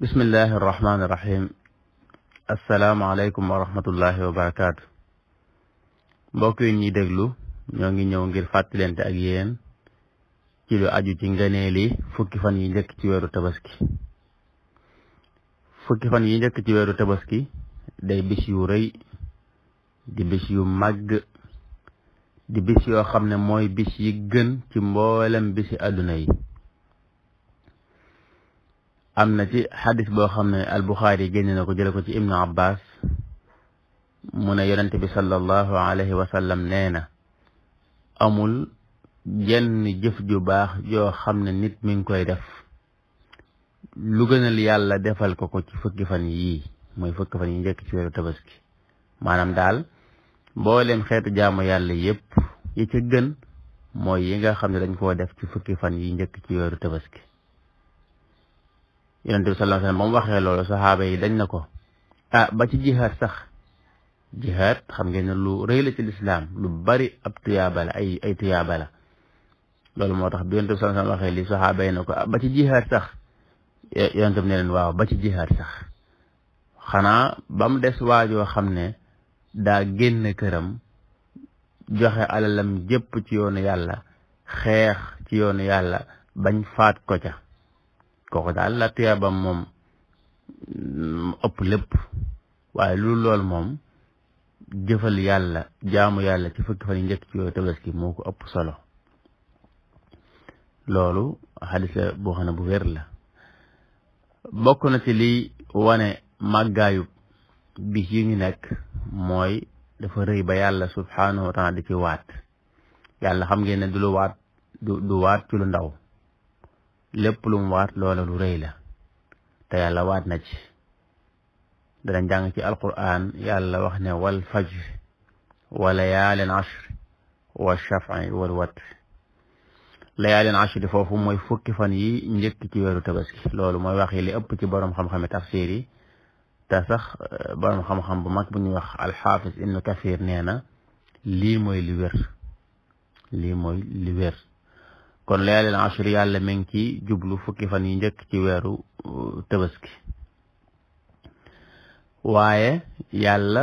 bismillahi irrahmani irrahim asalaamualeykum wa rahmatullahi wa barakaatu mbokk yi ñuy déglu ñoo ngi ñëw ngir fàttalente ak yéen ci lu aju ci ngëneeli fukki fan yi njëkk ci weeru fukki fan yi njëkk ci weeru tabaski day bis yu rëy di bis yu màgg di bis yoo xam ne mooy bis yi gën ci mboolem bisi àdduna yi أما في حديث بوخامن البخاري جنن وجلك ابن عباس من يرنتبي صلى الله عليه وسلم نينا أمول جن جف جباه جو خامن نت من كويدف لغن اليالا دفال كوكو تفكي فاني يي ما يفكي فاني يجاك تفكي تبسكي ما نام دال بولين خير جامو يالا يب يتجن مو ييغا خامن لنكو دف تفكي فاني يجاك تفكي تبسكي yonent bi sallallahu alayhi wasallam ba mu waxee loolu saxaaba yi dañ na ko ah ba ci jihaad sax jihaad xam ngeen ne lu rëy la ci lu bari ab tuyaaba ay ay tuyaaba loolu moo tax bi yonent bi sallallahu alayhi wasallam waxee li saxaaba yi na ko ah ba ci jihaad sax yonent bi ne leen waaw ba ci jihaad sax xanaa ba mu des waajoo xam ne daa génn këram joxe alalam jëpp ci yoonu yàlla xeex ci yoonu yàlla bañ faat ko ca kooku daal la tuyaabam moom mm, ëpp lépp waaye lu lool moom jëfal yàlla jaamu yàlla ci fukki fan njëkk ci yooyu tabaski moo ko ëpp solo loolu xadis la boo ne bu wér la bokk na ci liy wane màggaayub bis yi ñu nekk mooy dafa rëy ba yàlla subhaanahu wa taala waat yàlla xam ngeen ne du lu waat du waat ci lu ndaw lépp lu mu waat loola lu reey la te yàlla waat na ci dana jàng ci alquran yàlla wax ne wal fajr wa layaalin ashr wa shafi wal watr layaalin ashr fofu moy fukki fan yi ñek ci wëru tabaski loolu moy wax yi li ëpp ci borom xam xam tafsir yi te sax borom xam-xam bu mag bu ñu wax alxaafis ibnu kafir nee na lii mooy li wér li moy li wér kon layaalil ashir yàlla mi ngi ci jublu fukki fan yi njëkk ci wëru tebeski waye yàlla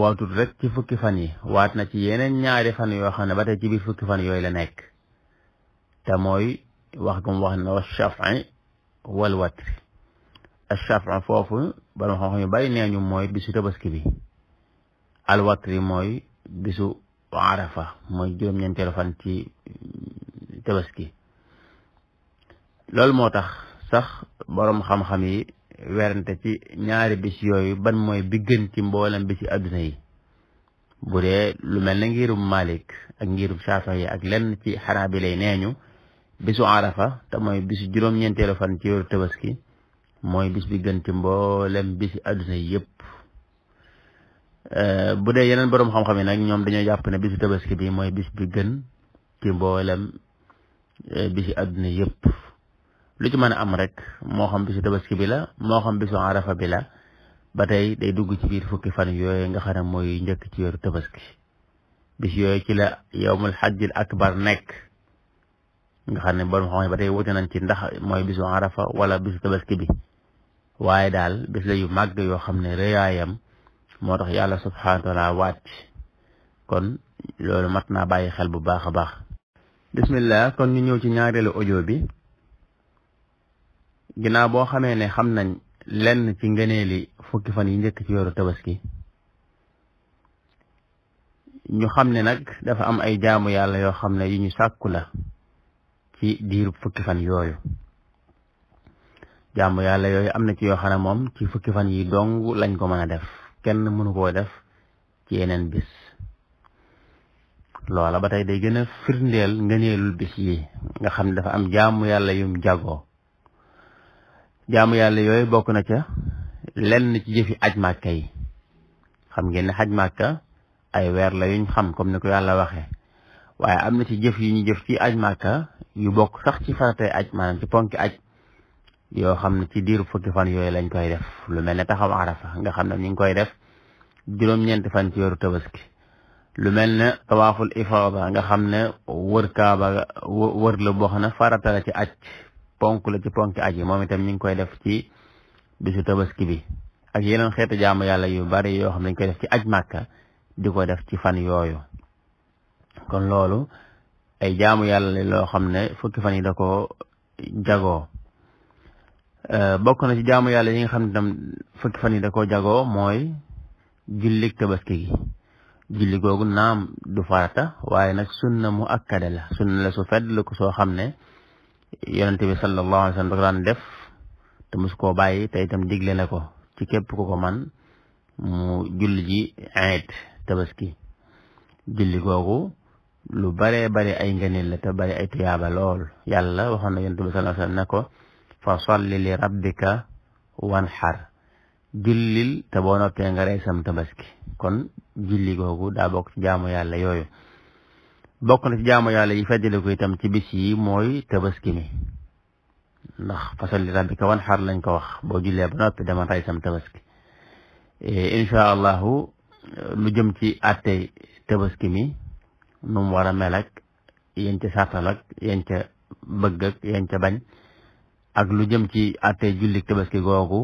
watu rek ci fukki fan yi wat na ci yeneen ñaari fan yo xam ne ci biir fukki fan yooyu la nek ta moy wax gum wax na wa shafi wal watr achafi foofu bala xam xam yu bari nee ñu mooy bisu tabaski bi al watri mooy bisu arafa mooy juróom-ñeenteelu fan ci tabaski loolu moo tax sax boroom xam-xam yi werante ci ñaari bis yooyu ban mooy bi gën ci mboolem bi ci adduna yi bu dee lu mel ne ngirum Malik ak ngirum Shaafi'i yi ak lenn ci Hanaabila yi nee ñu bisu Arafa te mooy bisu juróom-ñeenteelu fan ci yoru mooy bis bi gën yi yëpp euh, bu dee yeneen boroom xam-xam yi nag ñoom dañoo jàpp ne bisu tabaski mooy bis bi gën ci bi ci àdduna yëpp lu ci mën a am rek moo xam bisu tabaski bi la moo xam bisu arafa bi la day dugg ci biir fukki nga xam ne mooy njëkk ci weeru tabaski bis yooyu ci la yowmul xajjil akbar nek nga xam ne borom batay ba tey wute nañ ci ndax mooy bisu arafa wala bisu tabaski bi waaye daal bis la yu màgg yoo xam ne rëyaayam moo yàlla subhaanahu wa taala wat kon loolu matna naa bàyyi xel bu baax a bismillah kon ñu ñëw ci ñaareelu audio bi ginnaaw boo xamee ne xam nañ lenn ci ngëneeli fukki fan yi njëkk ci weeru tabaski ñu xam ne nag dafa am ay jaamu yàlla yoo xam ne yu ñu sàkku la ci diiru fukki fan yooyu jaamu yàlla yooyu am na ci yoo xam ne moom ci fukki fan yi dong lañ ko mën a def kenn mënu koo def ci yeneen bis loola ba tey day gën a firndeel ngëneelul bis yi nga xam ne dafa am jaamu yàlla yum jagoo jaamu yàlla yooyu bokk na ca lenn ci jëfi aj màkka yi xam ngeen ne aj màkka ay weer la yuñ xam comme ni ko yàlla waxee waaye am na ci jëf yu ñu jëf ci aj màkka yu bokk sax ci faratee aj maanaam ci ponki aj yoo xam ne ci diiru fukki fan yooyu lañ koy def lu mel ne taxaw arafa nga xam ne ñu ngi koy def juróom-ñeenti fan ci yoru tabaski lu mel ne tawaaful ifaada nga xam ne wër kaaba wër la boo xam ne ci aj ponk la ci ponk aj yi moom itam ñu ngi koy def ci bisu tabaski bi ak yeneen xeetu jaamu yàlla yu bari yoo xam ne dañ koy def ci aj màkka di ko def ci fan yooyu kon loolu ay jaamu yàlla loo xam ne fukki fan yi da ko jagoo euh, bokk na ci jaamu yàlla yi nga xam ne fukki fan yi da ko jagoo mooy jullik tabaski gi julli googu naam du waaye nag sunna mu akkada la sunna la su fedd ko soo xam ne yonente bi sallallahu alayhi wa def te mos koo bàyyi te itam digle na ko ci képp ku ko man mu julli ji iid tabaski julli googu lu baree bari ay ngëneel la te bari ay tuyaaba lool yàlla waxoon na yonente bi sallallahu alayhi wa ko fa salli li rabbika wanxar jullil te boo noppee nga rey sam tabaski kon julli googu daa bokk ci jaamu yàlla yooyu bokk na ci jaamu yàlla yi feddale ko itam ci bis yi mooy tabaski mi ndax fasal li rabbika wan xar lañ ko wax boo jullee ba noppi dama rey sam tabaski e, incha allahu lu jëm ci àtte tabaski mi nu mu war a mel ak yéen ca sàttal bañ ak lu jëm ci àttee jullik tabaski googu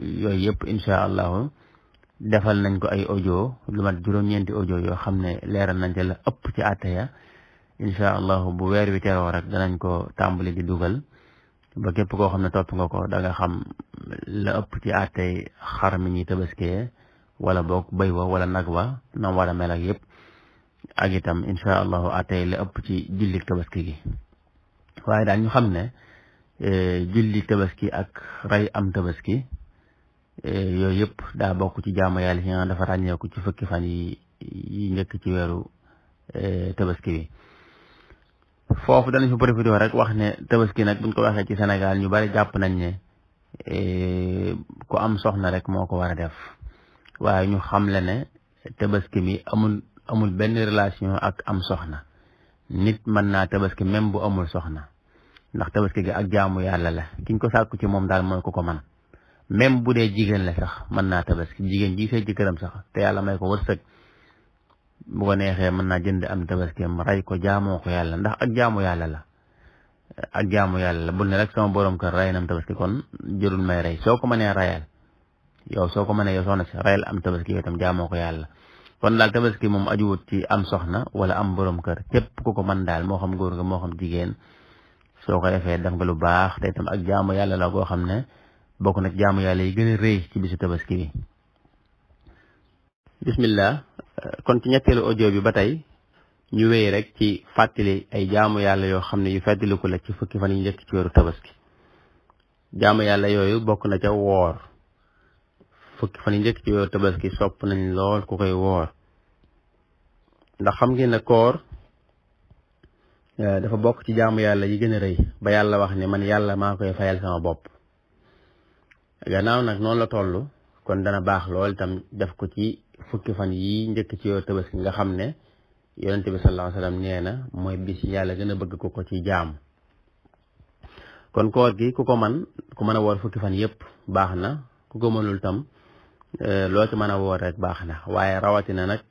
yooyu yëpp incha allahu defal nañ ko ay audio lu mat juróom-ñeenti audio yoo xam ne leeral nañ te la ëpp ci àtte ya allahu bu weer wi teeroo rek danañ ko tàmbali di dugal ba képp koo xam ne topp ko da xam la ëpp ci àttey xar mi ñuy tabaskee wala boog béy wa wala nag wa nam war a yëpp ak itam incha allahu àttey la ëpp ci jullik tabaski gi waaye daal ñu xam ne E, julli tabaski ak rey am tabaski e, yooyu yëpp daa bokk ci jaamu yàlla yi nga dafa ràññeeku ci fukki fan yi yi njëkk ci weeru e, tabaski bi foofu danañ fa profité rek wax ne tabaski nag buñ ko ci Sénégal ñu bari jàpp nañ ne ku am soxna rek moo ko war a def waaye ñu xamle ne tabaski mi amul amul benn relation ak am soxna nit mën naa tabaski même bu amul soxna ndax tabaski gi ak jaamu yàlla la kiñ ko sàkku ci moom daal mooy ko ko man même bu dee jigéen la sax mën naa tabaski jigéen ji sëy ci sax te yàlla may ko wërsëg bu ko neexee mën naa jënd am tabaskeem rey ko jaamoo ko yàlla ndax ak jaamu yàlla la ak jaamu yàlla la bul ne rek sama boroom kër rey nam am tabaski kon jërul may rey soo ko mënee rayal yow soo ko mënee yow soxna si rayal am tabaski yow tam jaamoo ko yàlla kon daal tabaski moom ajuwut ci am soxna wala am borom kër képp ku ko mën daal moo xam góor nga moo xam jigéen soo ko defee def nga lu baax te itam ak jaamu yàlla la goo xam ne bokk na jaamu yàlla yi gën a rëy ci bisu tabaski bi kon ci ñetteelu audio bi ba tey ñu wéy rek ci fàttali ay jaamu yàlla yoo xam ne yu fàttaliku la ci fukki fan yi njëkk ci weeru tabaski jaamu yàlla yooyu bokk na ca woor fukki fan yi njëkk ci weeru tabaski sopp nañ lool ku koy woor ndax xam ngeen ne koor Eh, dafa bokk ci jaamu yàlla yi gën a rëy ba yàlla wax ne man yàlla maa koy fayal sama bopp gannaaw nag noonu la toll kon dana baax lool itam def ko ci fukki fan yi njëkk ci yoo yow tabaski nga xam ne yonente bi sallallahu alayhi wasallam na mooy bis yàlla gën a bëgg ko ko ci jaam kon koor gi ku ko man ku mën a woor fukki fan yëpp baax na ku ko mënul tam eh, loo ci mën a woor rek baax na waaye rawatina nag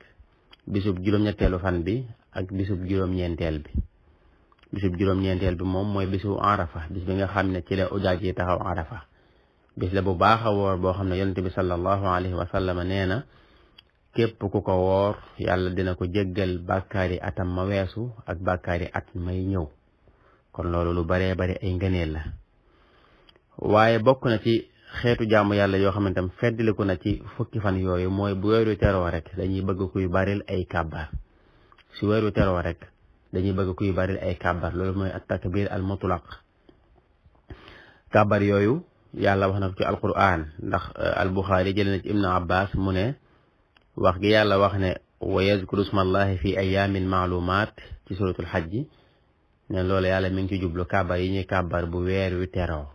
bisub juróom-ñetteelu fan bi ak bisub juróom-ñeenteel bi bisub juróom-ñeenteel bi moom mooy bisu arafa bis bi nga xam ne ci la ujaaj yi taxaw arafa bis la bu baax a woor boo xam ne yonent bi sallallahu alayhi wa sallam nee na képp ku ko woor yàlla dina ko jéggal bàkkaari atam ma weesu ak bàkkaari at may ñëw kon loolu lu baree bari ay ngëneel la waaye bokk na ci xeetu jaamu yàlla yoo xamante ne feddliku na ci fukki fan yooyu mooy bu weeru teroo rek dañuy bëgg kuy baril ay kàbbar su weeru teroo rek dañuy bëgg kuy baril ay kàbbar loolu mooy at takbir al mutlaq kàbbar yooyu yàlla wax na ko ci alquran ndax al buxaari jël na ci ibnu abbas mu ne wax gi yàlla wax ne wa yazkuru smallahi fi ayamin maalumaat ci suratul xajji ne loolu yàlla mi ngi ci jublu kàbbar yi ñuy kàbbar bu weer wi teroo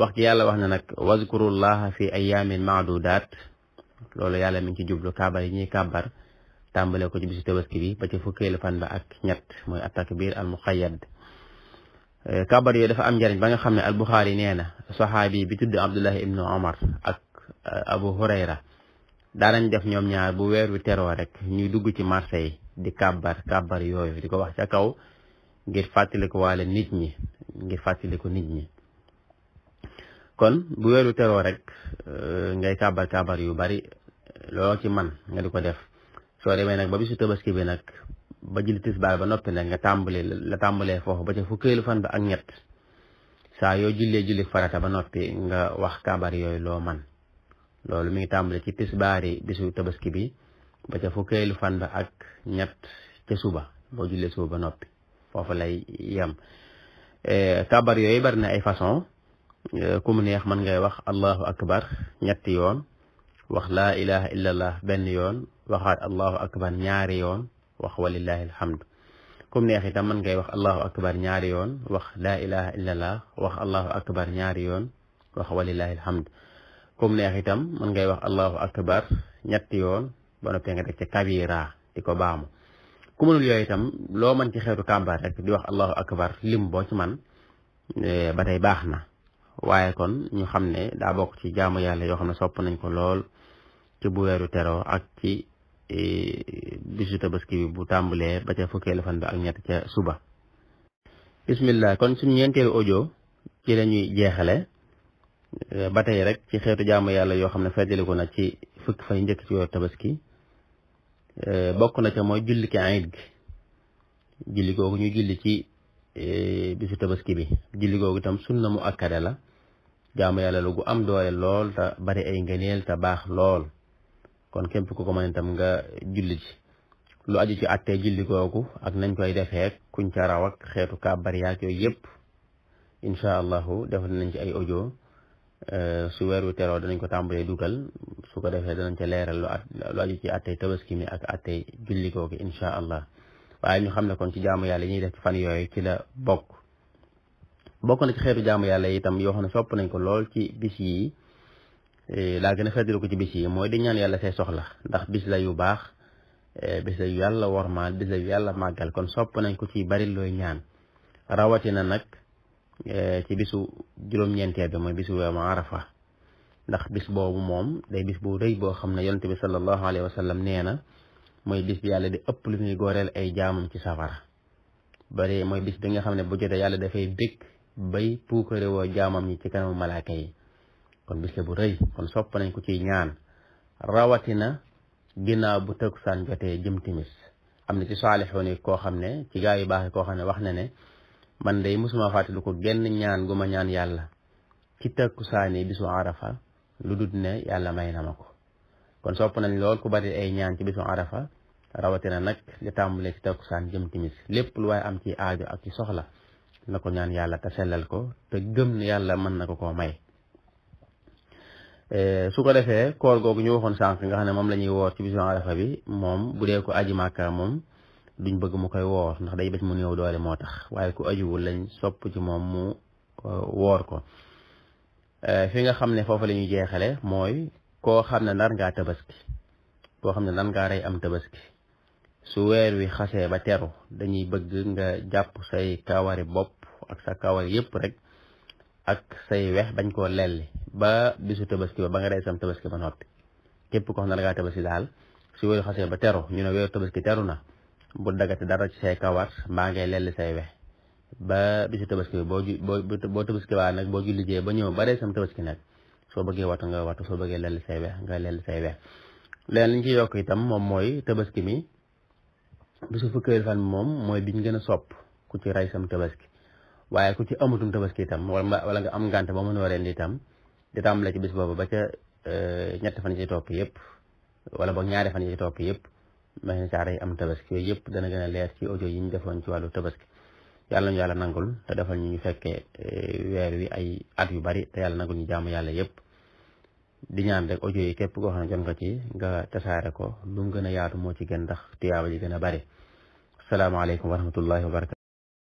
wax gi yàlla wax na nag wazkurullaha fi ayamin maadudaat loolu yàlla mi ngi ci jublu kàbbar yi ñuy kàbbar tambale ko ci bisu tabaski bi ba ci fukkeelu fan ba ak ñet moy attaque bir al-muqayyad eh, kabar yooyu dafa am njariñ ba nga xamne al bukhari neena sahabi bi tuddu Abdullah ibnu umar ak eh, Abu Hurayra nañ def ñom ñaar bu wër wi téro rek ñuy dugg ci marseille di kabar kabar yoyu di ko wax ca kaw ngir ko wala nit ñi ngir ko nit ñi kon bu weeru téro rek eh, ngay kabar kabar yu bari lo ci man nga diko def soo demee nak ba bisu tabaski bi nak ba julli tisbar ba noppi nak nga tàmbali la tàmbalee fofu ba ca fukkeelu fan ba ak ñett saa yo jullee julli farata ba noppi nga wax kabar yoy lo man lolou mi ngi tàmbale ci tisbaari bisu tabaski bi ba ca fukkeelu fan ba ak ñett ci suba bo jullee suba ba noppi foofu lay eh kabar yoy bari na ay façon e, ku mu neex man ngay wax allahu akbar ñetti yoon wax la ilaha illallah ben yoon waxaat allahu akbar ñaari yoon wax walillahi alhamd kum neex itam man ngay wax allahu akbar ñaari yoon wax la ilaha illallah wax allahu akbar ñaari yoon wax walillahi alhamd kum neex itam man ngay wax allahu akbar ñetti yoon ba ada nga teg ca kabira di ko baamu ku mënul yooyu itam loo man ci xeetu kàmbaar rek di wax allahu akbar lim boo ci man e, ba tey baax na waaye kon ñu xam ne daa bokk ci jaamu yàlla yoo xam sopp nañ ko lool ci bu weeru ak ci bisu tabaski bu tàmbalee ba ca fukkeelu fan ak ñett suba bismillah kon suñ ñeenteelu ojo ci la ñuy jeexale euh, ba tey rek ci xeetu jaamu yàlla yoo xam ne feddaliku na ci fukki fay njëkk ci weeru tabaski euh, bokk na ca mooy julli ki ayit gi julli googu ñu julli ci euh, bisu tabaski bi julli tam itam sunna mu akkada la jaamu yàlla lu gu am doole lool te bari ay ngëneel te baax lool kon képp ku ko mën itam nga julli ci lu aju ci attee julli kooku ak nañ koy defeek kuñ ca xeetu kàbbar yaak yooyu yëpp incha allahu defal nañ ci ay audio eh, su weer wu teroo danañ ko tàmbalee dugal su ko defee danañ ca leeral lu at ci attey tabaski mi ak attey julli googu incha allah waaye ñu xam ne kon ci jaamu yàlla yi ñuy def fan yooyu ci la bokk bokk na ci xeetu jaamu yàlla itam yoo xam ne sopp nañ ko lool ci bis yi Eh, laa gën a fàttali ko ci bis yi mooy di ñaan yàlla say soxla ndax bis la yu baax eh, bis la yu yàlla wormaal bis la yu yàlla màggal kon sopp nañ ko ci bari looy ñaan rawatina nag eh, ci bisu juróom-ñeenteel bi mooy bisu weeru Arafa ndax bis boobu moom day bis bu rëy boo xam ne yonent bi sallallahu alayhi wa sallam nee na mooy bis bi yàlla di ëpp lu muy góoreel ay jaamam ci safara bari mooy bis bi nga xam ne bu jotee yàlla dafay bég bay puukarewoo jaamam ñi ci kanamu malaaka yi kon bisse bu rëy kon sopp nañ ko ciy ñaan rawatina ginnaaw bu tëkkusaan jotee jëm timis am na ci saalixoon koo xam ne ci gaa yu baax yi koo xam ne wax na ne man day mosuma fàttali ko genn ñaan gu ma ñaan yàlla ci tëkkusaani bisu arafa lu dul ne yàlla may na ma ko kon sopp nañ lool ku bari ay ñaan ci rawatina nag li tàmbalee ci tëkkusaan jëm timis lépp lu waaye am ci aajo ak ci soxla na ko ñaan yàlla ta sellal ko te gëm ne yàlla mën na ko ko may Eh, su ko defee koor googu ñu waxoon sànq nga xam ne moom la ñuy woor ci bisu arafa bi moom bu dee ko aji màkka moom duñ bëgg mu koy woor ndax day bés mu néew doole moo tax waaye ku ajuwul lañ sopp ci moom mu eh, woor ko eh, fi nga xam ne foofu lañuy ñuy jeexale mooy koo xam ne nar ngaa tabaski koo xam ne nar ngaa rey am tabaski su weer wi xasee ba teru dañuy bëgg nga jàpp say kawari bopp ak sa kawari yépp rek ak say wex bañ koo lelli ba bisu tabaski ba ba nga day sam tabaski ba noppi képp koo xam ne da ngaa tabaski daal su wéeru xasee ba teru ñu ne wéeru tabaski teru na bu dagate dara ci say kawar mbaa ngay lelli say wex ba bisu tabaski bi boo ju boo tabaski waa nag boo ju liggéey ba ñëw ba day sam tabaski nag soo bëggee watu nga watu soo bëggee lelli say wex nga lelli say wex leen liñ ci yokk itam moom mooy tabaski mi bisu fukkeelu fan moom mooy biñ gën a sopp ku ci rey sam tabaski waaye ku ci amatum tabaski itam wala nga am ngànt ba mën a rendi itam di tàmbale ci bis boobu ba ca eh, ñett fan ci topp yëpp wala ba ñaari fan ci topp yëpp masin saara yi am tabaski yooyu yëpp dana gën a leer ci audio yi ñu defoon ci wàllu tabaski yàlla ñu yàlla nangul ñu ñu fekkee eh, weer wi ay at yu bari te yàlla nangul ñu jaamu yàlla yëpp di ñaan rek ojo yi képp koo xam ne jot ci nga tasaare ko lu mu gën a yaatu moo ci gën ndax tiyaaba ji gën a bari salaamaaleykum wa rahmatullahi wa barakatu